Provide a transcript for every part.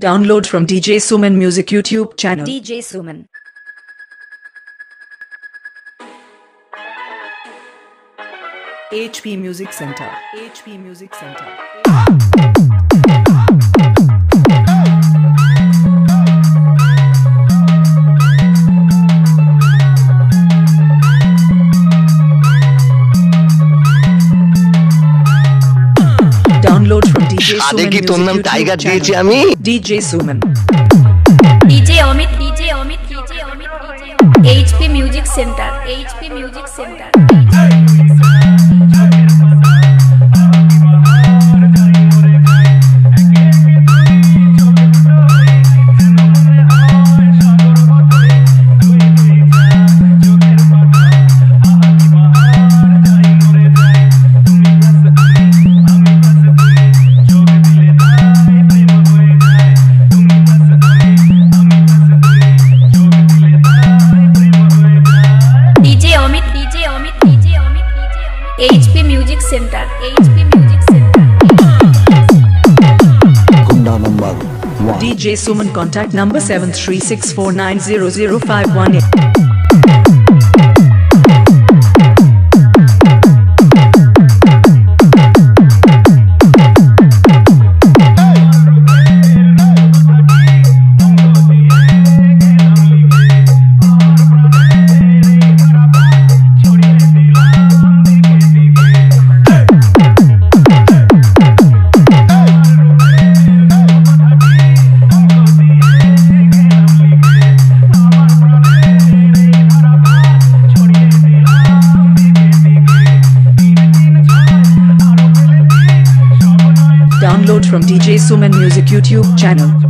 Download from DJ Suman Music YouTube channel. DJ Suman. HP Music Center. HP Music Center. সাদে কি তোর নাম tiger দিয়েছি আমি DJ Suman DJ Amit DJ Amit DJ Amit HP music center HP music center center HP music center গুন্ডা number DJ Suman contact number 7364900518 download from DJ Suman Music YouTube channel.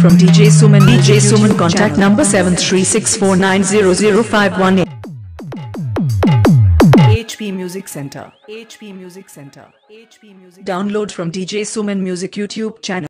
from DJ Suman. DJ Suman contact number 7364900518. HP Music Center. HP Music Center. HP Music. Download from DJ Suman Music YouTube channel.